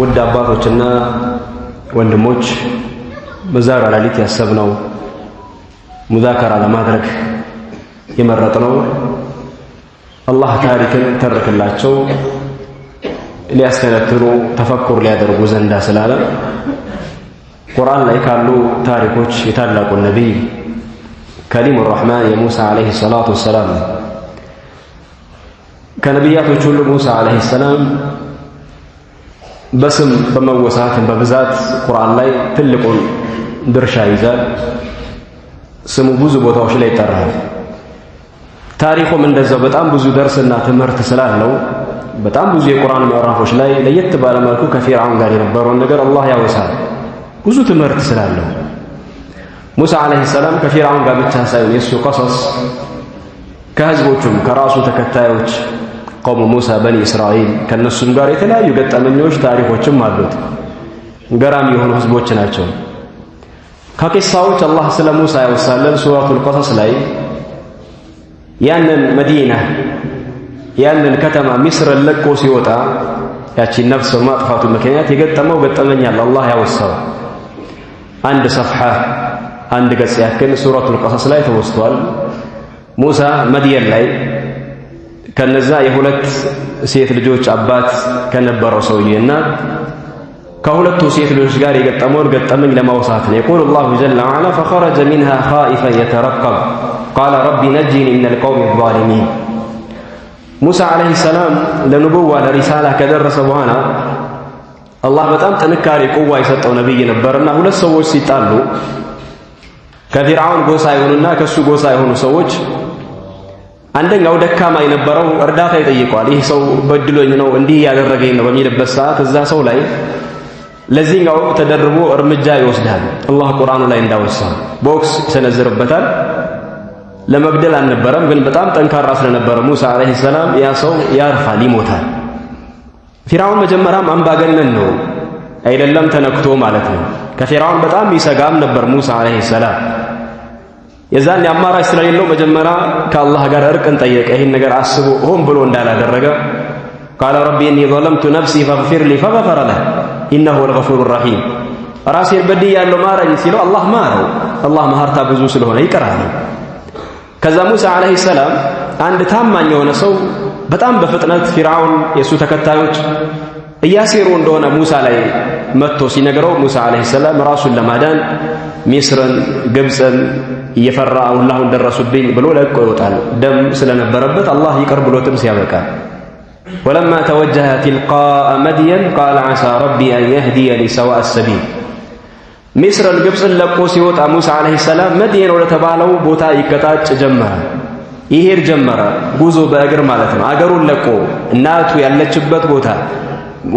ውድ አባቶችና ወንድሞች በዛሬው ሌሊት ያሰብነው ሙዛከራ ለማድረግ የመረጥነው አላህ ታሪክን ተርክላቸው ሊያስተነትኑ ተፈኩር ሊያደርጉ ዘንዳ ስላለ ቁርአን ላይ ካሉ ታሪኮች የታላቁ ነቢይ ከሊሙ ራሕማን የሙሳ ዓለይሂ ሰላቱ ወሰላም ነው። ከነቢያቶች ሁሉ ሙሳ ዓለይሂ ሰላም በስም በመወሳት በብዛት ቁርአን ላይ ትልቁን ድርሻ ይዛል። ስሙ ብዙ ቦታዎች ላይ ይጠራል። ታሪኩም እንደዛው በጣም ብዙ ደርስና ትምህርት ስላለው በጣም ብዙ የቁርአን ምዕራፎች ላይ ለየት ባለ መልኩ ከፊርዓውን ጋር የነበረውን ነገር አላህ ያወሳል። ብዙ ትምህርት ስላለው ሙሳ ዓለይሂ ሰላም ከፊርዓውን ጋር ብቻ ሳይሆን የእሱ ቀሶስ ከህዝቦቹም ከራሱ ተከታዮች ቆም ሙሳ በኒ እስራኤል ከነሱም ጋር የተለያዩ ገጠመኞች ታሪኮችም አሉት። ገራሚ የሆኑ ህዝቦች ናቸው። ከቂሳዎች አላህ ስለ ሙሳ ያወሳለን ሱረቱል ቀሰስ ላይ ያንን መዲና ያንን ከተማ ሚስርን ለቆ ሲወጣ ያቺን ነፍስ በማጥፋቱ ምክንያት የገጠመው ገጠመኛል አላህ ያወሳው አንድ ሰፍሐ አንድ ገጽ ያክል ሱረቱል ቀሰስ ላይ ተወስቷል። ሙሳ መድየን ላይ ከነዛ የሁለት ሴት ልጆች አባት ከነበረው ሰውዬና ከሁለቱ ሴት ልጆች ጋር የገጠመውን ገጠመኝ ለማውሳት ነው። የቁል አላሁ ጀለ ወዐላ ፈኸረጀ ሚንሃ ኻኢፈን የተረቀብ ቃለ ረቢ ነጂኒ ሚነል ቀውሚ ዛሊሚን። ሙሳ ዓለይሂ ሰላም ለንቡዋ ለሪሳላ ከደረሰ በኋላ አላህ በጣም ጥንካሬ ቁዋ የሰጠው ነቢይ ነበርና ሁለት ሰዎች ሲጣሉ ከፊርዓውን ጎሳ የሆኑና ከእሱ ጎሳ የሆኑ ሰዎች አንደኛው ደካማ የነበረው እርዳታ ይጠይቀዋል። ይህ ሰው በድሎኝ ነው እንዲህ ያደረገኝ ነው በሚልበት ሰዓት እዛ ሰው ላይ ለዚህኛው ተደርቦ እርምጃ ይወስዳል። አላህ ቁርአኑ ላይ እንዳወሳ ቦክስ ይሰነዝርበታል። ለመግደል አልነበረም፣ ግን በጣም ጠንካራ ስለነበረ ሙሳ አለይሂ ሰላም ያ ሰው ያርፋል፣ ይሞታል። ፊራውን መጀመሪያም አምባገነን ነው አይደለም፣ ተነክቶ ማለት ነው። ከፊራውን በጣም ይሰጋም ነበር ሙሳ አለይሂ ሰላም የዛን አማራጭ ስለሌለው መጀመሪያ ከአላህ ጋር እርቅን ጠየቀ። ይህን ነገር አስቦ ሆን ብሎ እንዳላደረገ ቃለ ረቢ እኒ ዘለምቱ ነፍሲ ፈግፊር ሊ ፈገፈረ ለህ ኢነሁ ልገፉሩ ራሒም ራሴን በድይ ያለው ማረኝ ሲለው አላህ ማረው። አላህ መሀርታ ብዙ ስለሆነ ይቅራል። ከዛ ሙሳ ዓለይሂ ሰላም አንድ ታማኝ የሆነ ሰው በጣም በፍጥነት ፊርዓውን የእሱ ተከታዮች እያሴሩ እንደሆነ ሙሳ ላይ መጥቶ ሲነግረው ሙሳ ዓለይሂ ሰላም ራሱን ለማዳን ሚስርን፣ ግብፅን እየፈራ አሁን ደረሱብኝ ብሎ ለቆ ይወጣል። ደም ስለነበረበት አላህ ይቅር ብሎትም ሲያበቃ ወለማ ተወጀሀ ቲልቃአ መድየን ቃለ ዓሳ ረቢ አን የህዲየኒ ሰዋአ ሰቢል ሚስርን ግብፅን ለቆ ሲወጣ ሙሳ ዓለይሂ ሰላም መድየን ወደ ቦታ ይቀጣጭ ጀመረ፣ ይሄድ ጀመረ። ጉዞ በእግር ማለት ነው። አገሩን ለቆ እናቱ ያለችበት ቦታ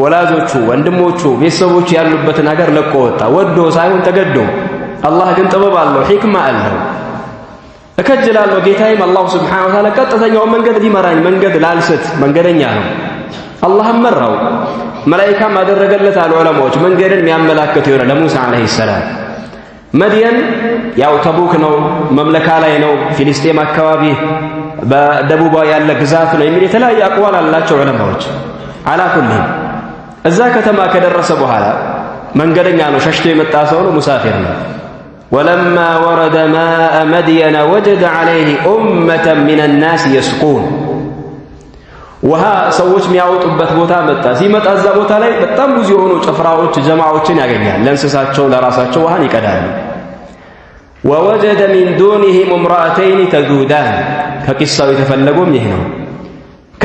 ወላጆቹ፣ ወንድሞቹ፣ ቤተሰቦቹ ያሉበትን ሀገር ለቆ ወጣ። ወዶ ሳይሆን ተገዶ። አላህ ግን ጥበብ አለው፣ ሒክማ አለው። እከጅላለሁ ጌታዬም አላሁ ስብሓነ ወተዓላ ቀጥተኛውን መንገድ ሊመራኝ መንገድ ላልስት መንገደኛ ነው። አላህም መራው፣ መላኢካም አደረገለት አሉ ዑለማዎች። መንገድን የሚያመላክት የሆነ ለሙሳ ዓለይሂ ሰላም መድየን ያው ተቡክ ነው፣ መምለካ ላይ ነው፣ ፊልስጤም አካባቢ በደቡባ ያለ ግዛት ነው የሚል የተለያየ አቅዋል አላቸው ዑለማዎች እዛ ከተማ ከደረሰ በኋላ መንገደኛ ነው፣ ሸሽቶ የመጣ ሰው ነው፣ ሙሳፊር ነው። ወለማ ወረደ ማአ መድየነ ወጀደ ዐለይህ ኡመተን ሚነ ናስ የስቁን ውሃ ሰዎች የሚያወጡበት ቦታ መጣ። ሲመጣ እዛ ቦታ ላይ በጣም ብዙ የሆኑ ጭፍራዎች፣ ጀማዎችን ያገኛል። ለእንስሳቸው ለራሳቸው ውሃን ይቀዳሉ። ወወጀደ ሚን ዱኒሂም እምራአተይን ተዙዳን ከቂሳው የተፈለጎም ይህ ነው።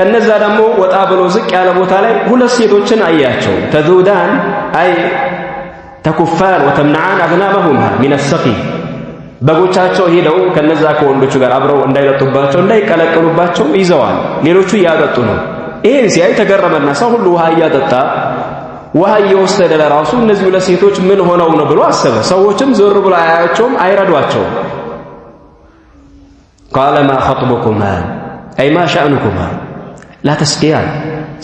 ከነዛ ደግሞ ወጣ ብሎ ዝቅ ያለ ቦታ ላይ ሁለት ሴቶችን አያቸው። ተዙዳን አይ ተኩፋን ወተምናን አግናበሁም ሚን ሰቂ በጎቻቸው ሄደው ከነዛ ከወንዶቹ ጋር አብረው እንዳይጠጡባቸው እንዳይቀለቀሉባቸው ይዘዋል። ሌሎቹ እያጠጡ ነው። ይህን ሲያይ ተገረመና ሰው ሁሉ ውሃ እያጠጣ ውሃ እየወሰደ ለራሱ እነዚህ ሁለት ሴቶች ምን ሆነው ነው ብሎ አሰበ። ሰዎችም ዞር ብሎ አያቸውም አይረዷቸውም። ቃለ ማ ኸጥቡኩማ አይ ማ ሻእኑኩማ ላተስቂያ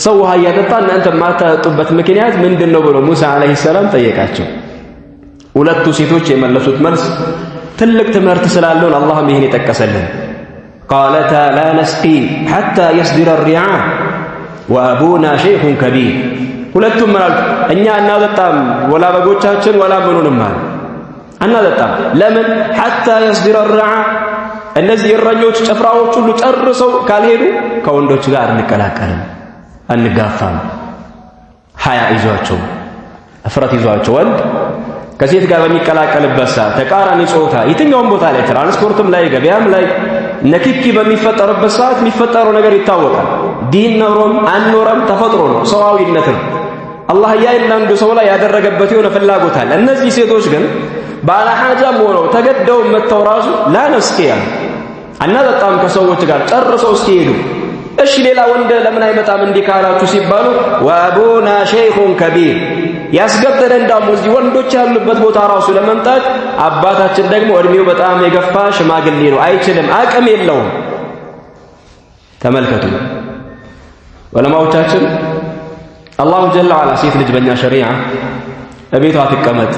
ሰው ውሃ እያጠጣ እናንተ የማታጠጡበት ምክንያት ምንድን ነው ብሎ ሙሳ ዓለይሂ ሰላም ጠየቃቸው። ሁለቱ ሴቶች የመለሱት መልስ ትልቅ ትምህርት ስላለውን አላህም ይህን የጠቀሰልን ቃለታ ላ ነስቂ ሐታ የስድረ ሪዓ ወአቡና ሸይኹን ከቢር። ሁለቱም ምናሉ እኛ አናጠጣም፣ ወላ በጎቻችን ወላ ምኑንም አለ አናጠጣም። ለምን ሐታ የስድረ ሪዓ እነዚህ እረኞች ጭፍራዎች ሁሉ ጨርሰው ካልሄዱ ከወንዶች ጋር አንቀላቀልም፣ አንጋፋም። ሀያ ይዟቸው እፍረት ይዟቸው ወንድ ከሴት ጋር በሚቀላቀልበት ሰዓት ተቃራኒ ጾታ የትኛውም ቦታ ላይ ትራንስፖርትም ላይ ገበያም ላይ ንክኪ በሚፈጠርበት ሰዓት የሚፈጠረው ነገር ይታወቃል። ዲን ኖሮም አንኖረም ተፈጥሮ ነው፣ ሰዋዊነት ነው። አላህ እያንዳንዱ ሰው ላይ ያደረገበት የሆነ ፍላጎት አለ። እነዚህ ሴቶች ግን ባለሓጃም ሆነው ተገደው መጥተው ራሱ ላነስኪያ አናጠጣም ከሰዎች ጋር ጨርሰው እስኪሄዱ። እሺ ሌላ ወንድ ለምን አይመጣም እንዲህ ካላችሁ ሲባሉ ወአቡና ሸይኹን ከቢር ያስገደደ እንዳሞ እዚህ ወንዶች ያሉበት ቦታ ራሱ ለመምጣት አባታችን ደግሞ እድሜው በጣም የገፋ ሽማግሌ ነው፣ አይችልም፣ አቅም የለውም። ተመልከቱ ዑለማዎቻችን አላሁ ጀለ ዓላ ሴት ልጅ በእኛ ሸሪዓ እቤቷ ትቀመጥ፣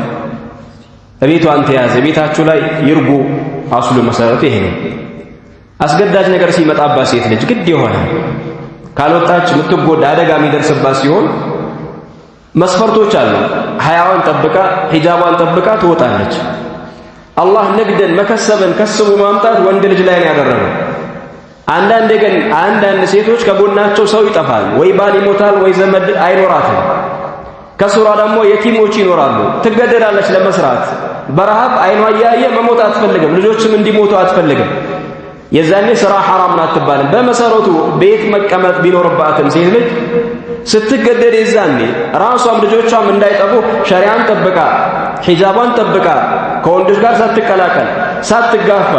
እቤቷን ትያዝ፣ እቤታችሁ ላይ ይርጉ። አስሉ መሰረቱ ይሄ ነው። አስገዳጅ ነገር ሲመጣባት ሴት ልጅ ግድ የሆነ ካልወጣች የምትጎዳ አደጋ የሚደርስባት ሲሆን መስፈርቶች አሉ። ሀያዋን ጠብቃ ሂጃቧን ጠብቃ ትወጣለች። አላህ ንግድን መከሰብን ከስቡ ማምጣት ወንድ ልጅ ላይ ነው ያደረገው። አንዳንድ ግን አንዳንድ ሴቶች ከጎናቸው ሰው ይጠፋል፣ ወይ ባል ይሞታል፣ ወይ ዘመድ አይኖራትም። ከሱራ ደግሞ የቲሞች ይኖራሉ። ትገደዳለች ለመስራት በረሃብ አይኗ እያየ መሞት አትፈልግም። ልጆችም እንዲሞቱ አትፈልግም። የዛኔ ስራ ሐራም ነው አትባልም። በመሰረቱ ቤት መቀመጥ ቢኖርባትም ሴት ልጅ ስትገደድ የዛኔ ራሷም ልጆቿም እንዳይጠፉ ሸሪያን ጠብቃ ሒጃቧን ጠብቃ ከወንዶች ጋር ሳትቀላቀል ሳትጋፋ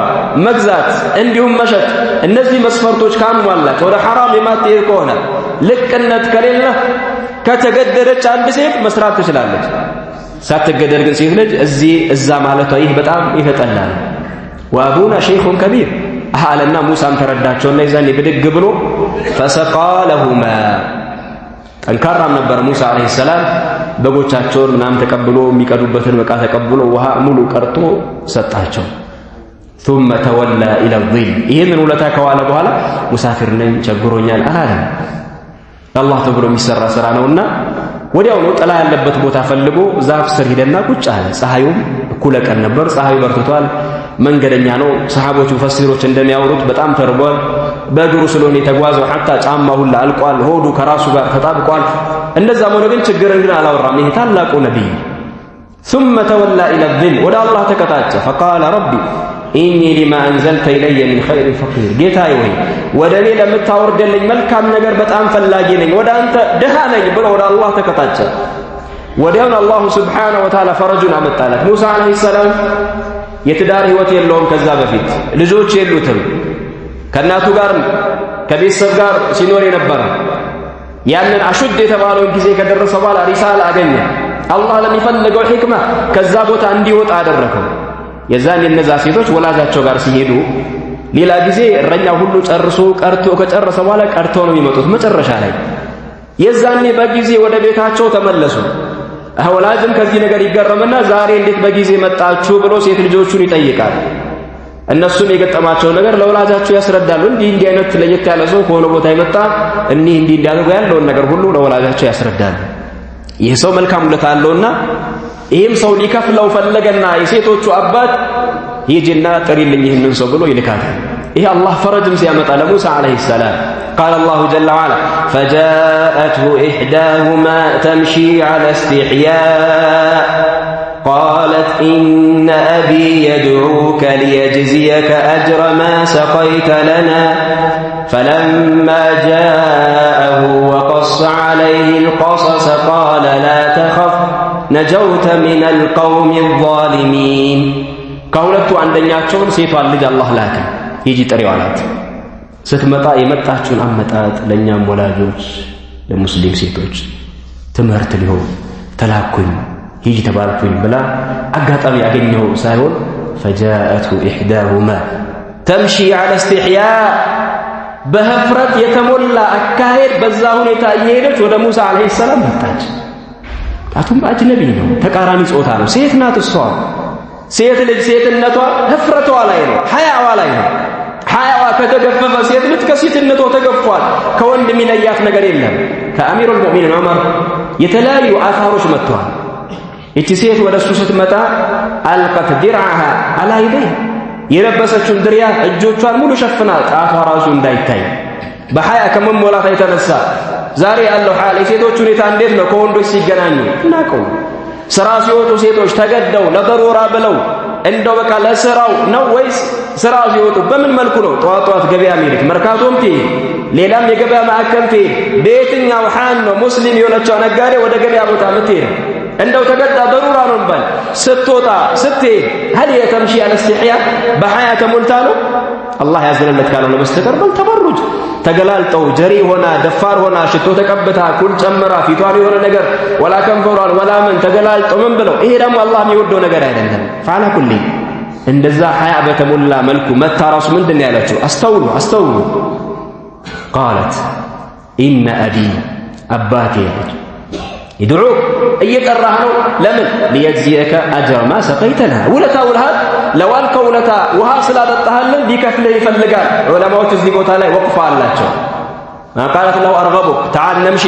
መግዛት እንዲሁም መሸጥ እነዚህ መስፈርቶች ካሟላች ወደ ሐራም የማትሄድ ከሆነ ልቅነት ከሌለ ከተገደደች አንድ ሴት መስራት ትችላለች። ሳትገደድ ግን ሴት ልጅ እዚህ እዛ ማለቷ ይህ በጣም ይፈጠናል። ወአቡና ሸይኹን ከቢር አለና ሙሳም ተረዳቸውና የዛኔ ብድግ ብሎ ፈሰቃ ጠንካራም ነበር ሙሳ ዓለይሂ ሰላም በጎቻቸውን ምናምን ተቀብሎ የሚቀዱበትን ዕቃ ተቀብሎ ውሃ ሙሉ ቀርጦ ሰጣቸው። ثم تولى الى الظل ይህንን ውለታ ከዋለ በኋላ ሙሳፊር ነኝ ቸግሮኛል አላለም። አላህ ተብሎ የሚሰራ ስራ ነውና ወዲያው ነው ጥላ ያለበት ቦታ ፈልጎ ዛፍ ስር ሂደና ቁጭ አለ። ፀሐዩም እኩለ ቀን ነበር፣ ፀሐዩ በርትቷል። መንገደኛ ነው። ሰሃቦች ሙፈሲሮች እንደሚያወሩት በጣም ተርቧል። በእግሩ ስለሆነ የተጓዘው ሐታ ጫማ ሁላ አልቋል። ሆዱ ከራሱ ጋር ተጣብቋል። እንደዛም ሆነ ግን ችግርን ግን አላወራም። ይሄ ታላቁ ነቢይ ثم ተወላ ኢላ ዚል ወደ አላህ ተቀጣጨ። ፈቃለ ረቢ ኢኒ ሊማ አንዘልተ ኢለየ ሚን ኸይሪን ፈቂር፣ ጌታዬ ሆይ ወደ እኔ ለምታወርደልኝ መልካም ነገር በጣም ፈላጊ ነኝ፣ ወደ አንተ ድሃ ነኝ ብሎ ወደ አላህ ተቀጣጨ። ወዲያውን አላሁ ስብሓነሁ ወተዓላ ፈረጁን አመጣለት ሙሳ ዓለይሂ ሰላም የትዳር ህይወት የለውም። ከዛ በፊት ልጆች የሉትም። ከእናቱ ጋር ከቤተሰብ ጋር ሲኖር የነበረ ያንን አሹድ የተባለውን ጊዜ ከደረሰ በኋላ ሪሳል አገኘ። አላህ ለሚፈልገው ሕክማ ከዛ ቦታ እንዲወጣ አደረገው። የዛን የነዛ ሴቶች ወላጃቸው ጋር ሲሄዱ ሌላ ጊዜ እረኛ ሁሉ ጨርሶ ቀርቶ ከጨረሰ በኋላ ቀርቶ ነው የሚመጡት መጨረሻ ላይ የዛኔ በጊዜ ወደ ቤታቸው ተመለሱ። ወላጅም ከዚህ ነገር ይገረምና ዛሬ እንዴት በጊዜ መጣችሁ ብሎ ሴት ልጆቹን ይጠይቃል። እነሱም የገጠማቸውን ነገር ለወላጃቸው ያስረዳሉ። እንዲህ እንዲህ አይነት ለየት ያለ ሰው ከሆነ ቦታ የመጣ እኒህ እንዲህ እንዲያደርጉ ያለውን ነገር ሁሉ ለወላጃቸው ያስረዳሉ። ይህ ሰው መልካም ውለታ አለውና ይህም ሰው ሊከፍለው ፈለገና የሴቶቹ አባት ሂጂና ጥሪልኝ ይህንን ሰው ብሎ ይልካታል። إيه الله አላህ ፈረጅም ሲያመጣ موسى عليه السلام قال الله جل وعلا فجاءته إحداهما تمشي على استحياء قالت إن أبي يدعوك ليجزيك أجر ما سقيت لنا فلما جاءه وقص عليه القصص قال لا تخف نجوت من القوم الظالمين قولت أن دنياتهم سيطال لدى الله لكن ሂጂ ጥሪው አላት። ስትመጣ የመጣችውን አመጣጥ ለእኛም ወላጆች ለሙስሊም ሴቶች ትምህርት ሊሆን ተላኩኝ ሂጂ ተባልኩኝ ብላ አጋጣሚ ያገኘው ሳይሆን ፈጃአቱ ኢሕዳሁማ ተምሺ አለ እስትሕያ በህፍረት የተሞላ አካሄድ በዛ ሁኔታ እየሄደች ወደ ሙሳ ዓለይሂ ሰላም መጣች። አቱም አጅነቢ ነው፣ ተቃራኒ ጾታ ነው፣ ሴት ናት እሷ። ሴት ልጅ ሴትነቷ ህፍረቷ ላይ ነው፣ ሀያዋ ላይ ነው። ሀያዋ ከተገፈፈ ሴት ልጅ ከሴትነቷ ተገፏል። ከወንድ የሚለያት ነገር የለም። ከአሚሩል ሙእሚኒን ዑመር የተለያዩ አሳሮች መጥተዋል። እቺ ሴት ወደ እሱ ስትመጣ አልቀት ዲርዓሃ አላይቤ የለበሰችውን ድርያ እጆቿን ሙሉ ሸፍና ጣቷ ራሱ እንዳይታይ በሀያ ከመሞላታ የተነሳ ዛሬ ያለው ሀያ የሴቶች ሁኔታ እንዴት ነው? ከወንዶች ሲገናኙ እናቀው ስራ ሲወጡ ሴቶች ተገደው ለበሮራ ብለው እንደው በቃ ለስራው ነው ወይስ ስራ ሲወጡ በምን መልኩ ነው ጠዋት ጠዋት ገበያ ሚሄድ? መርካቶም ትሄድ፣ ሌላም የገበያ ማዕከል ትሄድ። በየትኛው ሐን ነው ሙስሊም የሆነችው ነጋዴ ወደ ገበያ ቦታ ምትሄድ? እንደው ተገዳ በሩራ ነው እንበል። ስትወጣ ስትሄድ፣ ሀል የተምሺ تمشي በሐያ ተሞልታ ነው አላህ ያዘነለት ካልሆነ በስተቀር በልተበሩጅ ተገላልጠው ጀሪ ሆና ደፋር ሆና ሽቶ ተቀብታ ኩል ጨምራ ፊቷን የሆነ ነገር ወላ ከንፈሯን ወላ ምን ተገላልጠው ምን ብለው ይሄ ደግሞ አላህ የሚወደው ነገር አይደለም። ፋላ ኩሌ እንደዛ ሀያ በተሞላ መልኩ መታ ራሱ ምንድን ያለችው? አስተውሉ አስተውሉ። ቃለት ኢነ አቢ አባቴ ያለች ይድዑ እየጠራህ ነው። ለምን ሊየጅዚየከ አጅረ ማ ሰቀይተና ውለታ ውልሃል ለዋልከው ውለታ ውሃ ስላጠጣህልን ሊከፍልህ ይፈልጋል። ዑለማዎች እዚህ ቦታ ላይ ወቅፋ አላቸው። ማቃለት ለው አርገቡክ ተዓል ነምሺ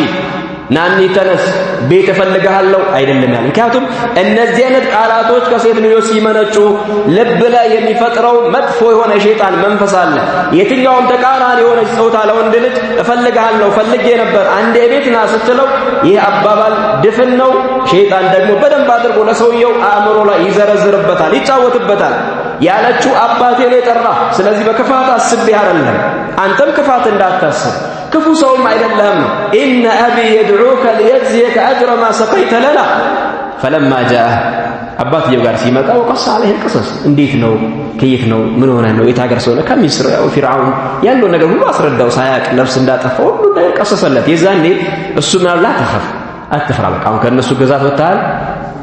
ናኒ ተነስ ቤት እፈልግሃለሁ አይደለም ያለ። ምክንያቱም እነዚህ አይነት ቃላቶች ከሴት ልጆች ሲመነጩ ልብ ላይ የሚፈጥረው መጥፎ የሆነ ሸይጣን መንፈስ አለ። የትኛውም ተቃራኒ የሆነች ጾታ ለወንድ ልጅ እፈልግሃለሁ ፈልጌ ነበር አንዴ ቤት ና ስትለው ይህ አባባል ድፍን ነው። ሸይጣን ደግሞ በደንብ አድርጎ ለሰውየው አእምሮ ላይ ይዘረዝርበታል፣ ይጫወትበታል። ያለችው አባቴ ነው የጠራ ስለዚህ በክፋት አስቤ አይደለም አንተም ክፋት እንዳታስብ ክፉ ሰውም አይደለህም ነው። ኢነ አቢ የድዑከ ሊየጅዝየከ አጅረ ማ ሰቀይተ ለና ፈለማ ጃአህ አባትየው ጋር ሲመጣ ወቀሳ አለህ ቅሰስ እንዴት ነው ከየት ነው ምን ሆነህ ነው የት ሀገር ሰው ከሚስር ያው ፊርዓውን ያለው ነገር ሁሉ አስረዳው ሳያቅ ነፍስ እንዳጠፋ ሁሉ ነገር ቀሰሰለት የዛኔ እሱ ምናላ ተኸፍ አትፍራ በቃ አሁን ከእነሱ ግዛት ወጥተሃል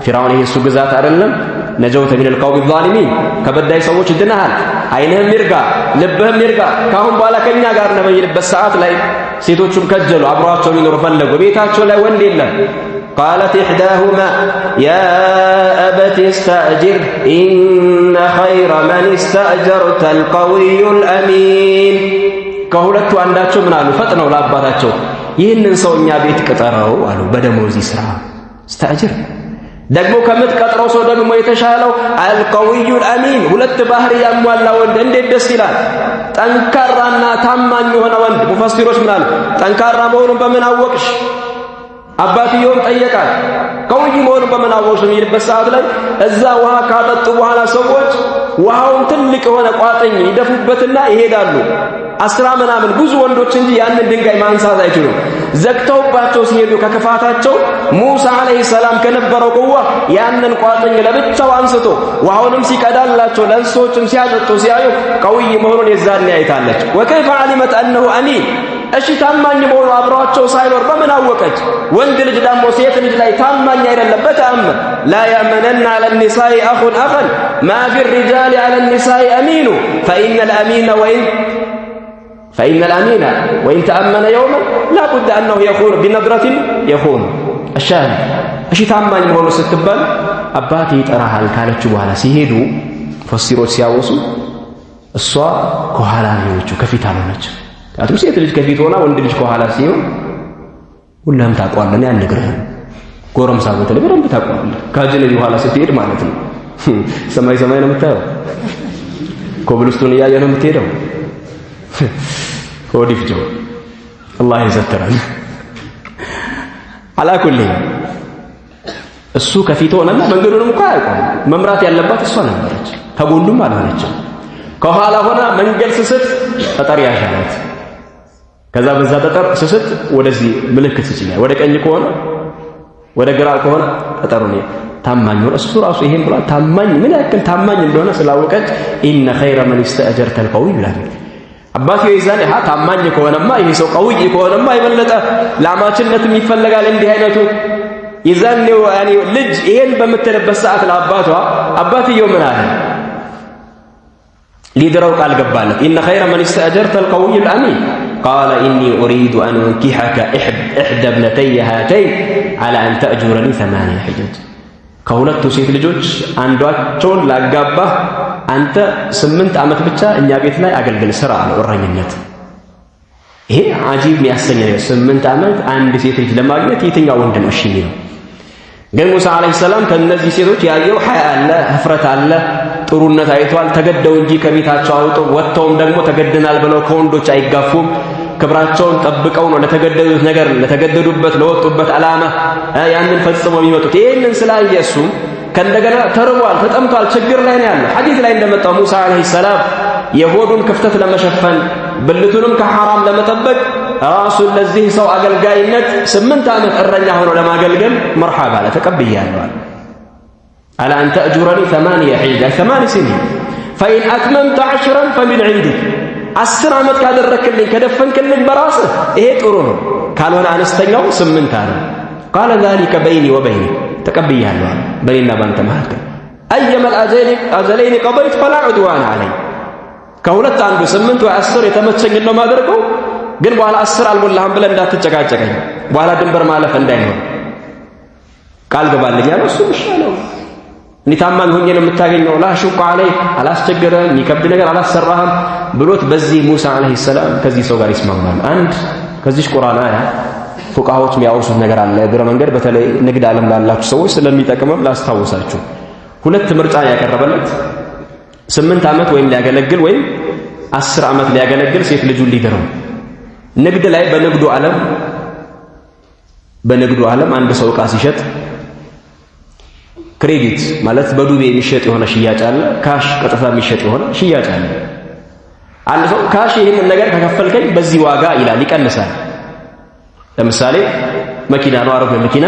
ፊርዓውን ይሄ እሱ ግዛት አይደለም ነጀውተ ሚነል ቀውሚ ዛሊሚን ከበዳይ ሰዎች ድነሃል። አይንህም ይርጋ፣ ልብህም ይርጋ። ከአሁን በኋላ ከኛ ጋር ነህ በሚልበት ሰዓት ላይ ሴቶቹም ከጀሉ፣ አብሯቸው ሊኖሩ ፈለጉ። ቤታቸው ላይ ወንድ የለም። ቃለት ኢሕዳሁማ ያ አበት እስተእጅር ኢነ ኸይረ መን እስተእጀርተ አልቀውዩል አሚን። ከሁለቱ አንዳቸው ምን አሉ? ፈጥነው ለአባታቸው ይህንን ሰው እኛ ቤት ቅጠረው አሉ። በደሞዝ እስተእጅር ደግሞ ከምትቀጥረው ሰው ደግሞ የተሻለው አልቀውዩል አሚን ሁለት ባህሪ ያሟላ ወንድ እንዴት ደስ ይላል! ጠንካራና ታማኝ የሆነ ወንድ። ሙፈሲሮች ምናሉ ጠንካራ መሆኑን በምን አወቅሽ? አባትየውም ጠየቃል። ቀውይ መሆኑን በምን አወቅሽ የሚልበት ሰዓት ላይ እዛ ውሃ ካጠጡ በኋላ ሰዎች ውሃውን ትልቅ የሆነ ቋጥኝ ይደፉበትና ይሄዳሉ። አስራ ምናምን ብዙ ወንዶች እንጂ ያንን ድንጋይ ማንሳት አይችሉም። ዘግተውባቸው ሲሄዱ ከክፋታቸው ሙሳ አለይሂ ሰላም ከነበረው ቁዋ ያንን ቋጥኝ ለብቻው አንስቶ ውሃውንም ሲቀዳላቸው ለእንስሶችም ሲያጠጡ ሲያዩ ቀውይ መሆኑን የዛን አይታለች። ወከይፈ ዓሊመት አነሁ አሚን እሺ ታማኝ መሆኑ አብሯቸው ሳይኖር በምን አወቀች? ወንድ ልጅ ደግሞ ሴት ልጅ ላይ ታማኝ አይደለም። በተአምር ላ የእመነና አለ ኒሳኢ አኹን አኸን ማ ፊ ሪጃሊ አለ ኒሳኢ አሚኑ ፈኢነ ልአሚነ ወይን فإن الأمين وإن تأمن يوما لا بد أنه يخون بنظرة يخون እሺ ታማኝ መሆኑ ስትባል አባት ይጠራሃል ካለችው በኋላ ሲሄዱ ፈሲሮች ሲያወሱ እሷ ከኋላ ነው ከፊት አልሆነችም። ምክንያቱም ሴት ልጅ ከፊት ሆና ወንድ ልጅ ከኋላ ሲሆን ሁላም ታውቀዋለህ። እኔ ጎረምሳ ቦታ በደንብ ታውቀዋለህ። ከሀጅ በኋላ ስትሄድ ማለት ነው። ሰማይ ሰማይ ነው የምታየው። ኮብልስቱን እያየ ነው የምትሄደው። ወዲፍጆ አላህ ይዘትራል። አላኩል እሱ ከፊት ሆነና መንገዱንም እንኳ አያውቅም። መምራት ያለባት እሷ ነበረች፣ ከጎንዱም አልሆነችም። ከኋላ ሆና መንገድ ስስት ጠጠር ያሻላት። ከዛ በዛ ጠጠር ስስት ወደዚህ ምልክት ስጭኛል። ወደ ቀኝ ከሆነ ወደ ግራ ከሆነ ጠጠሩ ታማኝ ሆነ። እሱ ራሱ ይሄን ብሏል። ታማኝ ምን ያክል ታማኝ እንደሆነ ስላወቀች ኢነ ኸይረ መን ስተአጀርተ አልቀዊይ ብላለች። አባቴ ይዛን ይሃ ታማኝ ከሆነማ ይሄ ሰው ቀውይ ከሆነማ የበለጠ ላማችነትም ይፈለጋል። እንዲህ አይነቱ ይዛን ነው ያኔ ልጅ ይሄን በምትልበት ሰዓት ለአባቷ አባትየው ምን አለ ሊድረው ቃል ገባለት። ኢነ ኸይረ መን ስተአጀርተ አልቀውይ አልአሚን قال إني أريد أن أنكحك إحدى ابنتي هاتين على أن تأجرني ثمانية حجج كولت ሴት ልጆች አንዷቸውን ላጋባህ አንተ ስምንት ዓመት ብቻ እኛ ቤት ላይ አገልግል ስራ አለው። እረኝነት ይሄ አጂብ የሚያሰኝ ነው። ስምንት ዓመት አንድ ሴት ልጅ ለማግኘት የትኛው ወንድ ነው እሺ የሚለው? ግን ሙሳ አለይሂ ሰላም ከነዚህ ሴቶች ያየው ሀያ አለ፣ ህፍረት አለ፣ ጥሩነት አይቷል። ተገደው እንጂ ከቤታቸው አውጡ ወጥተውም ደግሞ ተገደናል ብለው ከወንዶች አይጋፉም። ክብራቸውን ጠብቀው ነው ለተገደዱት ነገር ለተገደዱበት ለወጡበት ዓላማ ያንን ፈጽመው የሚመጡት። ይህንን ስላየ እሱ ከእንደገና ተርቧል፣ ተጠምቷል፣ ችግር ላይ ነው ያለው። ሐዲስ ላይ እንደመጣው ሙሳ አለይሂ ሰላም የሆዱን ክፍተት ለመሸፈን ብልቱንም ከሐራም ለመጠበቅ ራሱን ለዚህ ሰው አገልጋይነት ስምንት ዓመት እረኛ ሆኖ ለማገልገል መርሓብ አለ ተቀብያለሁ አለ አለ አንተ እጅረኒ ተማንየ ዒድ ተማኒ ሲኒን ፈኢን አትመምተ ዐሽረን ፈሚን ዒድክ አስር ዓመት ካደረክልኝ ከደፈንክልኝ በራስህ ይሄ ጥሩ ነው ካልሆነ አነስተኛው ስምንት አለ ቃለ ዛሊከ በይኒ ወበይኒክ ተቀብያለሁ በእኔና በአንተ መካከል አየመል አዘለይን ቀበይት ፈላ ዑድዋን አለይ ከሁለት አንዱ ስምንት ወይ አስር የተመቸኝን ነው ማደርገው ግን በኋላ አስር አልሞላህም ብለህ እንዳትጨቃጨቀኝ በኋላ ድንበር ማለፍ እንዳይሆን ቃል ገባልኝ ያለው እሱ ይሻለው እኔ ታማኝ ሆኜ ነው የምታገኘው ላሹቁ አለይ አላስቸገረም የሚከብድ ነገር አላሰራህም ብሎት በዚህ ሙሳ አለይሂ ሰላም ከዚህ ሰው ጋር ይስማማል አንድ ከዚህ ቁርአን አያ ፉቃዎች የሚያወሱት ነገር አለ። እግረ መንገድ በተለይ ንግድ ዓለም ላላችሁ ሰዎች ስለሚጠቅምም ላስታውሳችሁ። ሁለት ምርጫ ያቀረበለት ስምንት ዓመት ወይም ሊያገለግል ወይም አስር ዓመት ሊያገለግል ሴት ልጁን ሊድረው። ንግድ ላይ በንግዱ ዓለም በንግዱ ዓለም አንድ ሰው ዕቃ ሲሸጥ ክሬዲት ማለት በዱቤ የሚሸጥ የሆነ ሽያጭ አለ። ካሽ ቀጥታ የሚሸጥ የሆነ ሽያጭ አለ። አንድ ሰው ካሽ ይህንን ነገር ከከፈልከኝ በዚህ ዋጋ ይላል፣ ይቀንሳል። ለምሳሌ መኪና ነው አረፈ መኪና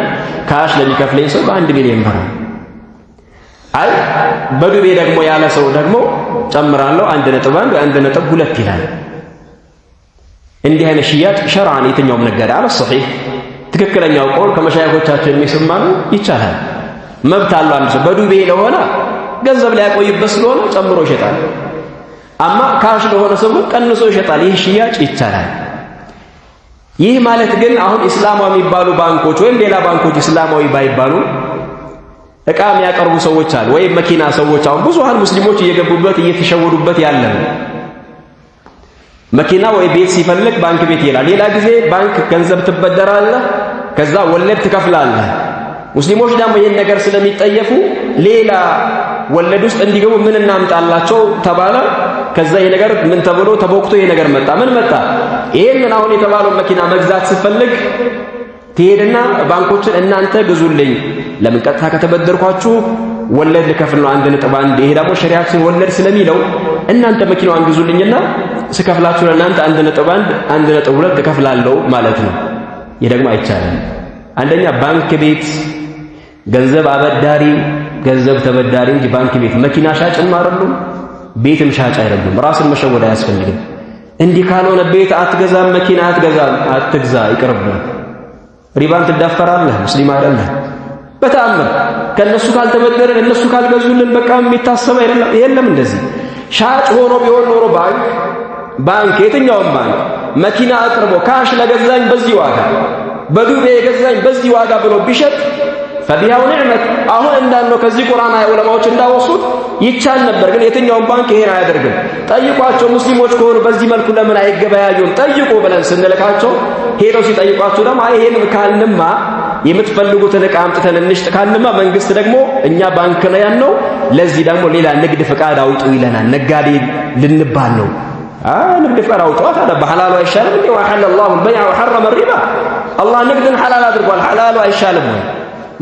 ካሽ ለሚከፍለኝ ሰው በአንድ ሚሊዮን ብር አይ በዱቤ ደግሞ ያለ ሰው ደግሞ ጨምራለሁ አንድ ነጥብ አንድ አንድ ነጥብ ሁለት ይላል። እንዲህ አይነት ሽያጭ ሸርዓን የትኛውም ነጋዴ አለ ሰሒህ ትክክለኛው ቆል ከመሻየኮቻቸው የሚሰማ ይቻላል፣ መብት አለው። አንድ ሰው በዱቤ ለሆነ ገንዘብ ላይ ያቆይበት ስለሆነ ጨምሮ ይሸጣል። አማ ካሽ ለሆነ ሰው ቀንሶ ይሸጣል። ይህ ሽያጭ ይቻላል። ይህ ማለት ግን አሁን ኢስላማዊ የሚባሉ ባንኮች ወይም ሌላ ባንኮች ኢስላማዊ ባይባሉ እቃ የሚያቀርቡ ሰዎች አሉ፣ ወይም መኪና ሰዎች። አሁን ብዙሃን ሙስሊሞች እየገቡበት እየተሸወዱበት ያለ ነው። መኪና ወይ ቤት ሲፈልግ ባንክ ቤት ይላል። ሌላ ጊዜ ባንክ ገንዘብ ትበደራለህ፣ ከዛ ወለድ ትከፍላለህ። ሙስሊሞች ደግሞ ይህን ነገር ስለሚጠየፉ ሌላ ወለድ ውስጥ እንዲገቡ ምን እናምጣላቸው ተባለ። ከዛ ይሄ ነገር ምን ተብሎ ተቦክቶ ይሄ ነገር መጣ። ምን መጣ? ይህንን አሁን የተባለውን መኪና መግዛት ስትፈልግ ትሄድና ባንኮችን እናንተ ግዙልኝ፣ ለምን ቀጥታ ከተበደርኳችሁ ወለድ ልከፍል ነው አንድ ነጥብ አንድ ይሄ ደግሞ ሸሪያችን ወለድ ስለሚለው እናንተ መኪናዋን ግዙልኝና ስከፍላችሁ ለእናንተ አንድ ነጥብ አንድ አንድ ነጥብ ሁለት እከፍላለሁ ማለት ነው። ይህ ደግሞ አይቻልም። አንደኛ ባንክ ቤት ገንዘብ አበዳሪ ገንዘብ ተበዳሪ እንጂ ባንክ ቤት መኪና ሻጭም አይደሉም፣ ቤትም ሻጭ አይደሉም። ራስን መሸወድ አያስፈልግም። እንዲህ ካልሆነ ቤት አትገዛም፣ መኪና አትገዛም፣ አትግዛ፣ ይቅርብህ። ሪባን ትዳፈራለህ፣ ሙስሊም አይደለህ። በተአምር ከእነሱ ካልተበደርን እነሱ ካልገዙልን በቃ የሚታሰብ አይደለም። የለም እንደዚህ ሻጭ ሆኖ ቢሆን ኖሮ ባንክ ባንክ የትኛውም ባንክ መኪና አቅርቦ ካሽ ለገዛኝ በዚህ ዋጋ በዱቤ የገዛኝ በዚህ ዋጋ ብሎ ቢሸጥ ፈቢያው ኒዕመት አሁን እንዳልነው ከዚህ ቁርአን ዑለማዎች እንዳወሱት ይቻል ነበር። ግን የትኛውም ባንክ ይሄን አያደርግም። ጠይቋቸው፣ ሙስሊሞች ከሆኑ በዚህ መልኩ ለምን አይገበያዩም? ጠይቁ ብለን ስንልካቸው ሄደው ሲጠይቋቸው ደግሞ አይ ይሄን ካልንማ የምትፈልጉትን ዕቃ አምጥተን እንሽጥ ካልንማ መንግስት ደግሞ እኛ ባንክ ነው ያልነው፣ ለዚህ ደግሞ ሌላ ንግድ ፍቃድ አውጡ ይለናል። ነጋዴ ልንባል ነው። ንግድ ፍቃድ አውጡ ታዲያ በሐላሉ አይሻልም? ወሐለላሁ አልበይዐ ወሐረመ ሪባ አላህ ንግድን ሐላል አድርጓል። ሐላሉ አይሻልም ወይ?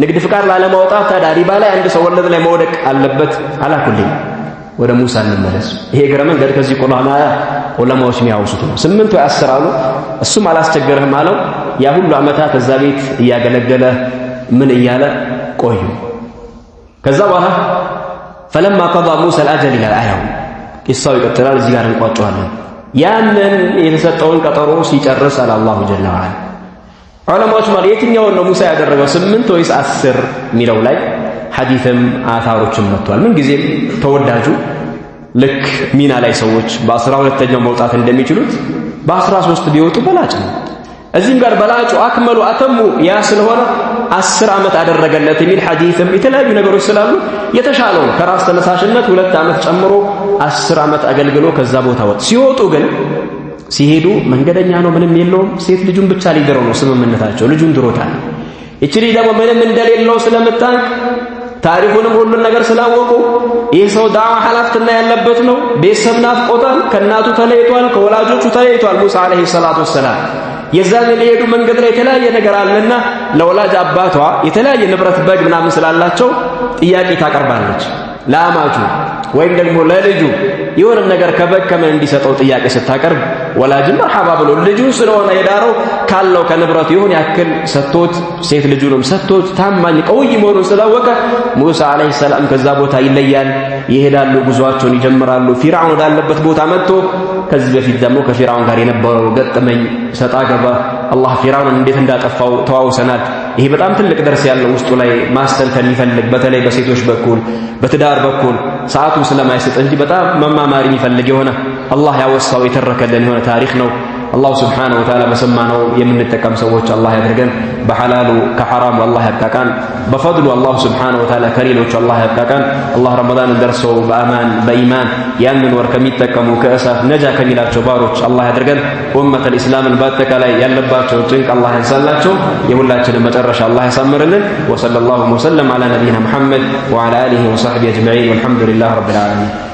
ንግድ ፍቃድ ላለማውጣት ታዲያ ሪባ ላይ አንድ ሰው ወለድ ላይ መውደቅ አለበት። አላኩልኝ ወደ ሙሳ እንመለስ። ይሄ እግረ መንገድ ከዚህ ቁርአን አያ ዑለማዎች የሚያወሱት ነው። ስምንት ወይ አስር አሉ። እሱም አላስቸገረህም አለው። ያ ሁሉ ዓመታት እዛ ቤት እያገለገለ ምን እያለ ቆዩ። ከዛ በኋላ ፈለማ ቀዳ ሙሳ አልአጀል ይላል አያው። ቂሳው ይቀጥላል። እዚህ ጋር እንቋጨዋለን። ያንን የተሰጠውን ቀጠሮ ሲጨርስ አለ አላሁ ጀለ ወዐላ ዑለማዎች ማለት የትኛውን ነው ሙሳ ያደረገው ስምንት ወይስ አስር የሚለው ላይ ሐዲስም አታሮችም መጥቷል። ምን ጊዜ ተወዳጁ ልክ ሚና ላይ ሰዎች በአስራ ሁለተኛው መውጣት እንደሚችሉት በአስራ ሶስት ቢወጡ በላጭ ነው። እዚህም ጋር በላጩ አክመሉ አተሙ ያ ስለሆነ አስር ዓመት አደረገለት የሚል ሐዲስም የተለያዩ ነገሮች ስላሉ የተሻለው ከራስ ተነሳሽነት ሁለት ዓመት ጨምሮ አስር ዓመት አገልግሎ ከዛ ቦታ ወጥ ሲወጡ ግን ሲሄዱ መንገደኛ ነው፣ ምንም የለውም። ሴት ልጁን ብቻ ሊድረው ነው ስምምነታቸው። ልጁን ድሮታል። እቺ ልጅ ደግሞ ምንም እንደሌለው ስለምታውቅ ታሪኩንም ሁሉን ነገር ስላወቁ ይህ ሰው ዳዋ ሐላፍትና ያለበት ነው። ቤተሰብ ናፍቆታል። ከእናቱ ተለይቷል፣ ከወላጆቹ ተለይቷል። ሙሳ አለይሂ ሰላቱ ወሰላም የዛን ሊሄዱ መንገድ ላይ የተለያየ ነገር አለና ለወላጅ አባቷ የተለያየ ንብረት በግ ምናምን ስላላቸው ጥያቄ ታቀርባለች ለአማቹ ወይም ደግሞ ለልጁ የሆነም ነገር ከበከመ እንዲሰጠው ጥያቄ ስታቀርብ ወላጅ መርሐባ ብሎ ልጁን ስለሆነ የዳረው ካለው ከንብረቱ ይሁን ያክል ሰጥቶት ሴት ልጁንም ሰጥቶት ታማኝ ቀውይ መሆኑን ስላወቀ ሙሳ ዓለይሂ ሰላም ከዛ ቦታ ይለያል። ይሄዳሉ፣ ጉዟቸውን ይጀምራሉ። ፊርዓውን ወዳለበት ቦታ መጥቶ ከዚህ በፊት ደግሞ ከፊራውን ጋር የነበረው ገጠመኝ ሰጣ ገባ አላህ ፊራውን እንዴት እንዳጠፋው ተዋውሰናል። ይሄ በጣም ትልቅ ደርስ ያለው ውስጡ ላይ ማስተር ከሚፈልግ በተለይ በሴቶች በኩል በትዳር በኩል ሰዓቱ ስለማይሰጥ እንጂ በጣም መማማር የሚፈልግ የሆነ አላህ ያወሳው የተረከልን የሆነ ታሪክ ነው። አላሁ ስብሓነሁ ወተዓላ በሰማነው የምንጠቀም ሰዎች አላህ ያድርገን። በሐላሉ ከሐራሙ አላህ ያብቃቃን። በፈድሉ አላሁ ስብሓነሁ ወተዓላ ከሌሎች አላህ ያብቃቃን። አላህ ረመዳንን ደርሰው በአማን በኢማን ያንን ወር ከሚጠቀሙ ከእሳት ነጃ ከሚላቸው ባሮች አላህ ያድርገን። ኡመተል ኢስላምን በአጠቃላይ ያለባቸው ጭንቅ አላህ ያንሳላቸው። የሁላችንን መጨረሻ አላህ ያሳምርልን። ወሰለላሁ ወሰለም ዓላ ነቢይና ሙሐመድ ወዓላ አሊሂ ወሰሕቢሂ አጅመዒን ወልሐምዱሊላህ ረብል ዓለሚን